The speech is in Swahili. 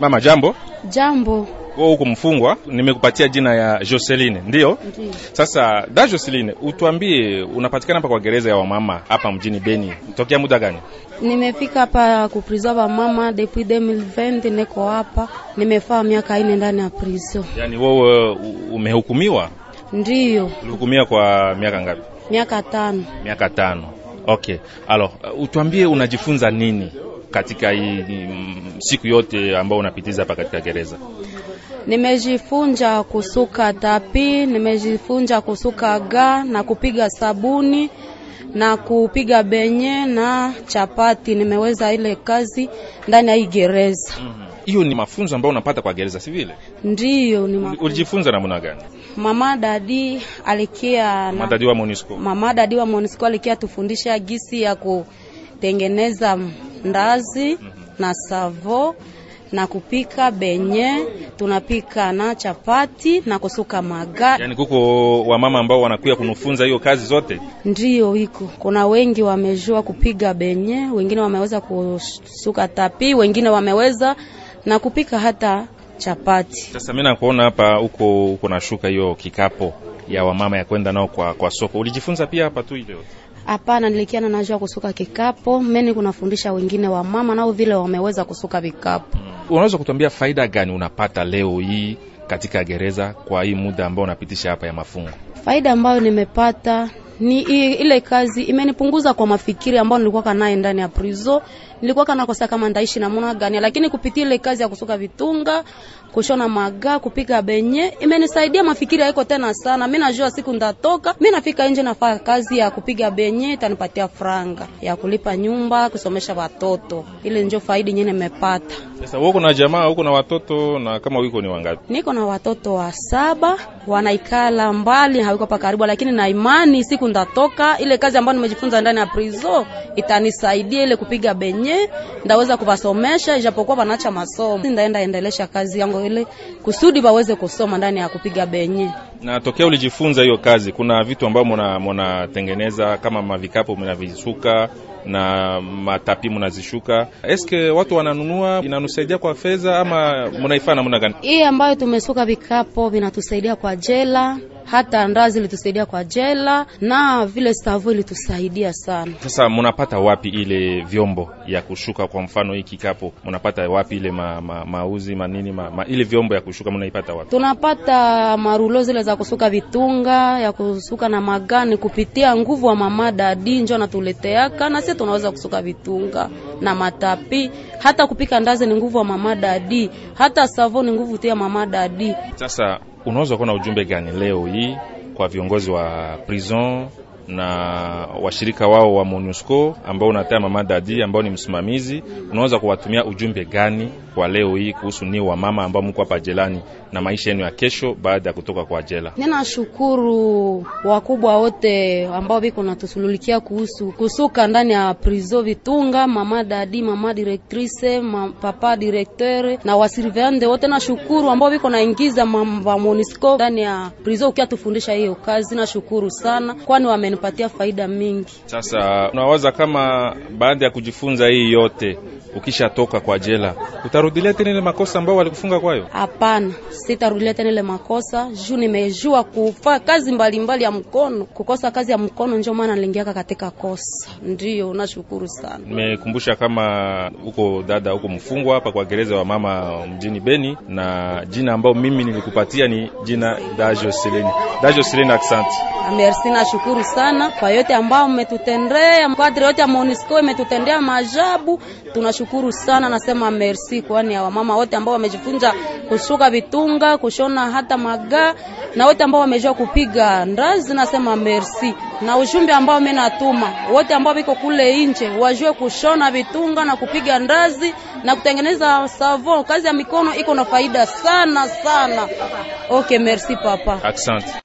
Mama, jambo. Jambo. Wewe uko mfungwa, nimekupatia jina ya Joseline, ndio Ndio. Sasa da Joseline, utuambie unapatikana hapa kwa gereza ya wamama hapa mjini Beni. Tokea muda gani? Nimefika hapa ku prison wa mama depuis 2020 niko hapa. Nimefaa miaka ine ndani ya prison. Yaani wewe umehukumiwa? ndio Ulihukumiwa kwa miaka ngapi? Miaka tano. Miaka tano. Okay. Alors, utuambie unajifunza nini? katika hii mm, siku yote ambao unapitiza hapa katika gereza? Nimejifunja kusuka tapi, nimejifunja kusuka ga na kupiga sabuni na kupiga benye na chapati. Nimeweza ile kazi ndani ya hii gereza. Mm-hmm. Hiyo mm -hmm. ni mafunzo ambayo unapata kwa gereza, si vile? Ndiyo, ni mafunzo. Ulijifunza namna gani? Mama dadi alikia na... Mama dadi wa Monisco, Mama dadi wa Monisco alikia tufundisha gisi ya ku kutengeneza ndazi mhm. na savo na kupika benye tunapika na chapati na kusuka maga. Yani kuko wamama ambao wanakuya kunufunza hiyo kazi zote, ndio iko kuna wengi wamejua kupiga benye, wengine wameweza kusuka tapi, wengine wameweza na kupika hata chapati. Sasa mimi nakuona hapa huko uko nashuka hiyo kikapo ya wamama ya kwenda nao kwa, kwa soko. Ulijifunza pia hapa tu ile yote? Hapana, nilikiana najua kusuka kikapo mimi, kunafundisha wengine wa mama nao vile wameweza kusuka vikapo. Mm. Unaweza kutuambia faida gani unapata leo hii katika gereza kwa hii muda ambao unapitisha hapa ya mafungo? Faida ambayo nimepata ni ile kazi imenipunguza kwa mafikiri ambayo nilikuwa naye ndani ya prizo. Nilikuwa nakosa kama ndaishi na mwana gani, lakini kupitia ile kazi ya kusuka vitunga, kushona maga, kupiga benye imenisaidia mafikiri haiko tena sana. Mimi najua siku ndatoka, mimi nafika nje nafanya kazi ya kupiga benye itanipatia franga ya kulipa nyumba, kusomesha watoto. Ile ndio faidi nyingine nimepata. Sasa wewe kuna jamaa huko na watoto, na kama wiko ni wangapi? Niko na watoto wa saba, wanaikala mbali, hawiko pa karibu, lakini na imani siku siku ndatoka, ile kazi ambayo nimejifunza ndani ya prizo itanisaidia ile kupiga benye ndaweza kuvasomesha ijapokuwa wanaacha masomo, ndaenda endelesha kazi yangu ile kusudi waweze kusoma ndani ya kupiga benye. Na tokea ulijifunza hiyo kazi, kuna vitu ambavyo mnatengeneza kama mavikapo mnavisuka na matapi mnazishuka, eske watu wananunua, inanusaidia kwa fedha ama mnaifanya namna gani? Hii ambayo tumesuka vikapo vinatusaidia kwa jela hata ndazi ilitusaidia kwa jela na vile stavo ilitusaidia sana. Sasa munapata wapi ile vyombo ya kushuka? Kwa mfano hii kikapo munapata wapi? Ile ma, ma, mauzi manini ma, ma, ile vyombo ya kushuka munaipata wapi? Tunapata marulo zile za kusuka vitunga ya kusuka na magani kupitia nguvu wa mama dadi njo anatuleteaka na sisi tunaweza kusuka vitunga na matapi, hata kupika ndazi ni nguvu wa mama dadi, hata savo ni nguvu tia mama dadi. Sasa unaweza kuwa na ujumbe gani leo hii kwa viongozi wa prison na washirika wao wa MONUSCO ambao unatea mama dadi ambao ni msimamizi, unaweza kuwatumia ujumbe gani kwa leo hii kuhusu ni wa mama ambao mko hapa jelani na maisha yenu ya kesho baada ya kutoka kwa jela? Ninashukuru wakubwa wote ambao biko natusululikia kuhusu kusuka ndani ya prizo Vitunga, mama dadi, mama directrice, ma, papa directeur na wasirivende wote, nashukuru ambao biko naingiza mama MONUSCO ndani ya prizo ukiatufundisha hiyo kazi, nashukuru sana kwani wame inatupatia faida mingi. Sasa unawaza kama baada ya kujifunza hii yote ukishatoka kwa jela utarudilia tena ile makosa ambayo walikufunga kwayo? Hapana, sitarudilia tena ile makosa juu nimejua kufa kazi mbalimbali mbali ya mkono. Kukosa kazi ya mkono ndio maana nilingiaka katika kosa. Ndio, nashukuru sana. Nimekumbusha kama huko dada, huko mfungwa hapa kwa gereza wa mama mjini Beni, na jina ambayo mimi nilikupatia ni jina Dajo Seleni. Dajo Seleni, accent. Ah, merci, nashukuru sana sana kwa yote ambao mmetutendea. Kadri yote ya MONUSCO imetutendea maajabu, tunashukuru sana, nasema merci, kwani ya wamama wote ambao wamejifunza kusuka vitunga, kushona hata maga na wote ambao wamejua kupiga ndazi, nasema merci. Na ujumbe ambao mimi natuma wote ambao wiko kule nje wajue kushona vitunga na kupiga ndazi na kutengeneza savo, Kazi ya mikono iko na faida sana sana. Okay, merci papa. accent